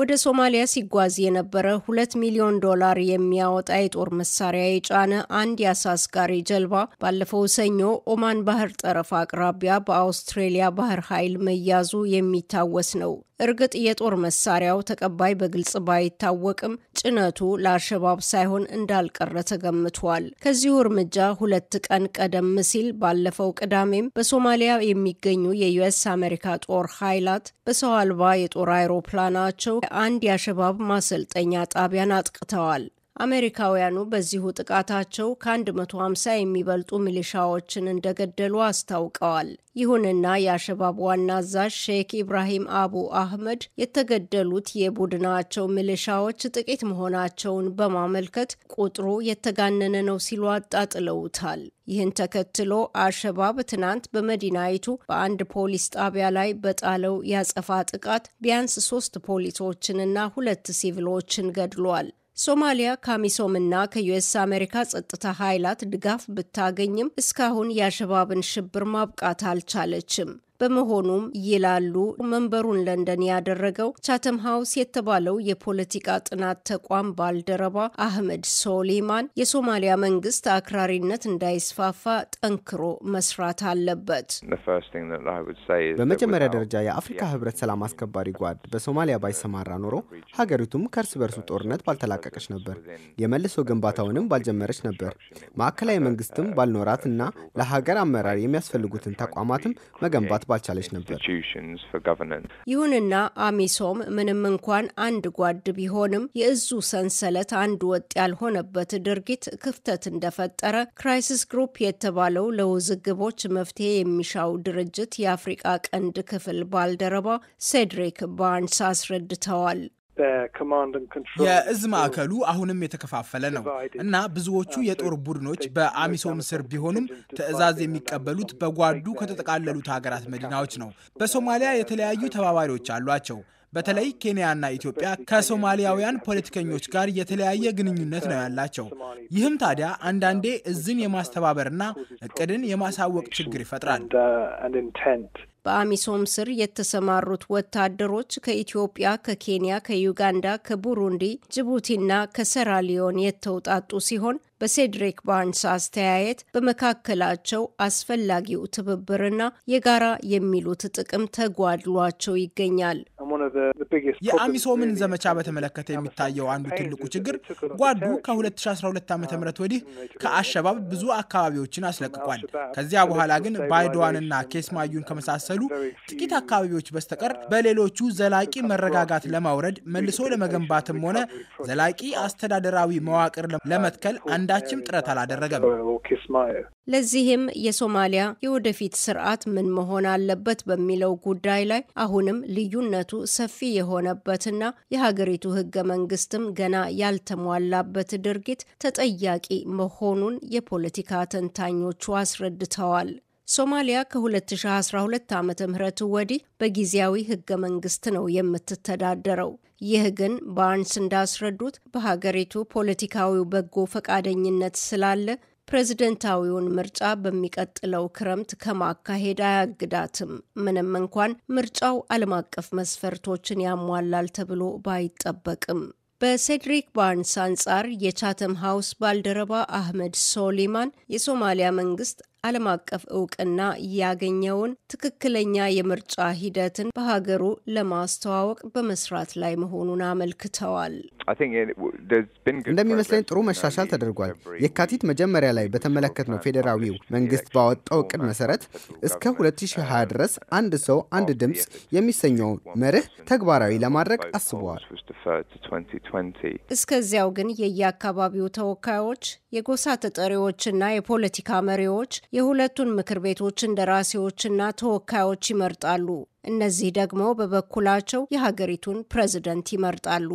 ወደ ሶማሊያ ሲጓዝ የነበረ ሁለት ሚሊዮን ዶላር የሚያወጣ የጦር መሳሪያ የጫነ አንድ የአሳ አስጋሪ ጀልባ ባለፈው ሰኞ ኦማን ባህር ጠረፍ አቅራቢያ በአውስትሬሊያ ባህር ኃይል መያዙ የሚታወስ ነው። እርግጥ የጦር መሳሪያው ተቀባይ በግልጽ ባይታወቅም ጭነቱ ለአሸባብ ሳይሆን እንዳልቀረ ተገምቷል። ከዚሁ እርምጃ ሁለት ቀን ቀደም ሲል ባለፈው ቅዳሜም በሶማሊያ የሚገኙ የዩኤስ አሜሪካ ጦር ኃይላት በሰው አልባ የጦር አይሮፕላናቸው አንድ የአሸባብ ማሰልጠኛ ጣቢያን አጥቅተዋል። አሜሪካውያኑ በዚሁ ጥቃታቸው ከ150 የሚበልጡ ሚሊሻዎችን እንደገደሉ አስታውቀዋል። ይሁንና የአሸባብ ዋና አዛዥ ሼክ ኢብራሂም አቡ አህመድ የተገደሉት የቡድናቸው ሚሊሻዎች ጥቂት መሆናቸውን በማመልከት ቁጥሩ የተጋነነ ነው ሲሉ አጣጥለውታል። ይህን ተከትሎ አሸባብ ትናንት በመዲናይቱ በአንድ ፖሊስ ጣቢያ ላይ በጣለው ያጸፋ ጥቃት ቢያንስ ሶስት ፖሊሶችንና ሁለት ሲቪሎችን ገድሏል። ሶማሊያ ካሚሶምና ከዩኤስ አሜሪካ ጸጥታ ኃይላት ድጋፍ ብታገኝም እስካሁን የአሸባብን ሽብር ማብቃት አልቻለችም። በመሆኑም ይላሉ መንበሩን ለንደን ያደረገው ቻተም ሀውስ የተባለው የፖለቲካ ጥናት ተቋም ባልደረባ አህመድ ሶሌማን የሶማሊያ መንግስት አክራሪነት እንዳይስፋፋ ጠንክሮ መስራት አለበት። በመጀመሪያ ደረጃ የአፍሪካ ህብረት ሰላም አስከባሪ ጓድ በሶማሊያ ባይሰማራ ኖሮ ሀገሪቱም ከእርስ በርሱ ጦርነት ባልተላቀቀች ነበር፣ የመልሶ ግንባታውንም ባልጀመረች ነበር፣ ማዕከላዊ መንግስትም ባልኖራት እና ለሀገር አመራር የሚያስፈልጉትን ተቋማትም መገንባት ባልቻለች ነበር። ይሁንና አሚሶም ምንም እንኳን አንድ ጓድ ቢሆንም የእዙ ሰንሰለት አንድ ወጥ ያልሆነበት ድርጊት ክፍተት እንደፈጠረ ክራይሲስ ግሩፕ የተባለው ለውዝግቦች መፍትሄ የሚሻው ድርጅት የአፍሪቃ ቀንድ ክፍል ባልደረባ ሴድሪክ ባርንስ አስረድተዋል። የእዝ ማዕከሉ አሁንም የተከፋፈለ ነው እና ብዙዎቹ የጦር ቡድኖች በአሚሶም ስር ቢሆኑም ትዕዛዝ የሚቀበሉት በጓዱ ከተጠቃለሉት ሀገራት መዲናዎች ነው። በሶማሊያ የተለያዩ ተባባሪዎች አሏቸው። በተለይ ኬንያና ኢትዮጵያ ከሶማሊያውያን ፖለቲከኞች ጋር የተለያየ ግንኙነት ነው ያላቸው። ይህም ታዲያ አንዳንዴ እዝን የማስተባበርና እቅድን የማሳወቅ ችግር ይፈጥራል። uh, በአሚሶም ስር የተሰማሩት ወታደሮች ከኢትዮጵያ፣ ከኬንያ፣ ከዩጋንዳ፣ ከቡሩንዲ፣ ጅቡቲና ከሰራሊዮን የተውጣጡ ሲሆን በሴድሪክ ባርንስ አስተያየት በመካከላቸው አስፈላጊው ትብብርና የጋራ የሚሉት ጥቅም ተጓድሏቸው ይገኛል። የአሚሶምን ዘመቻ በተመለከተ የሚታየው አንዱ ትልቁ ችግር ጓዱ ከ2012 ዓ ም uh, ወዲህ ከአሸባብ ብዙ አካባቢዎችን አስለቅቋል። ከዚያ በኋላ ግን ባይዶዋንና ኬስማዩን ከመሳሰሉ ጥቂት አካባቢዎች በስተቀር uh, በሌሎቹ ዘላቂ መረጋጋት ለማውረድ መልሶ ለመገንባትም ሆነ ዘላቂ አስተዳደራዊ መዋቅር ለመትከል አንዳችም ጥረት አላደረገም። uh, ለዚህም የሶማሊያ የወደፊት ስርዓት ምን መሆን አለበት በሚለው ጉዳይ ላይ አሁንም ልዩነቱ ሰፊ የሆነበትና የሀገሪቱ ህገ መንግስትም ገና ያልተሟላበት ድርጊት ተጠያቂ መሆኑን የፖለቲካ ተንታኞቹ አስረድተዋል። ሶማሊያ ከ2012 ዓ ም ወዲህ በጊዜያዊ ህገ መንግስት ነው የምትተዳደረው። ይህ ግን ባርንስ እንዳስረዱት በሀገሪቱ ፖለቲካዊው በጎ ፈቃደኝነት ስላለ ፕሬዝደንታዊውን ምርጫ በሚቀጥለው ክረምት ከማካሄድ አያግዳትም። ምንም እንኳን ምርጫው ዓለም አቀፍ መስፈርቶችን ያሟላል ተብሎ ባይጠበቅም በሴድሪክ ባርንስ አንጻር የቻተም ሀውስ ባልደረባ አህመድ ሶሊማን የሶማሊያ መንግስት ዓለም አቀፍ እውቅና ያገኘውን ትክክለኛ የምርጫ ሂደትን በሀገሩ ለማስተዋወቅ በመስራት ላይ መሆኑን አመልክተዋል። እንደሚመስለኝ ጥሩ መሻሻል ተደርጓል። የካቲት መጀመሪያ ላይ በተመለከትነው uh, ፌዴራዊው uh, መንግስት ባወጣው እቅድ መሰረት እስከ 2020 uh, ድረስ አንድ ሰው አንድ ድምፅ የሚሰኘውን መርህ ተግባራዊ ለማድረግ አስበዋል። እስከዚያው ግን የየአካባቢው ተወካዮች የጎሳ ተጠሪዎችና የፖለቲካ መሪዎች የሁለቱን ምክር ቤቶች እንደራሴዎችና ተወካዮች ይመርጣሉ። እነዚህ ደግሞ በበኩላቸው የሀገሪቱን ፕሬዝደንት ይመርጣሉ።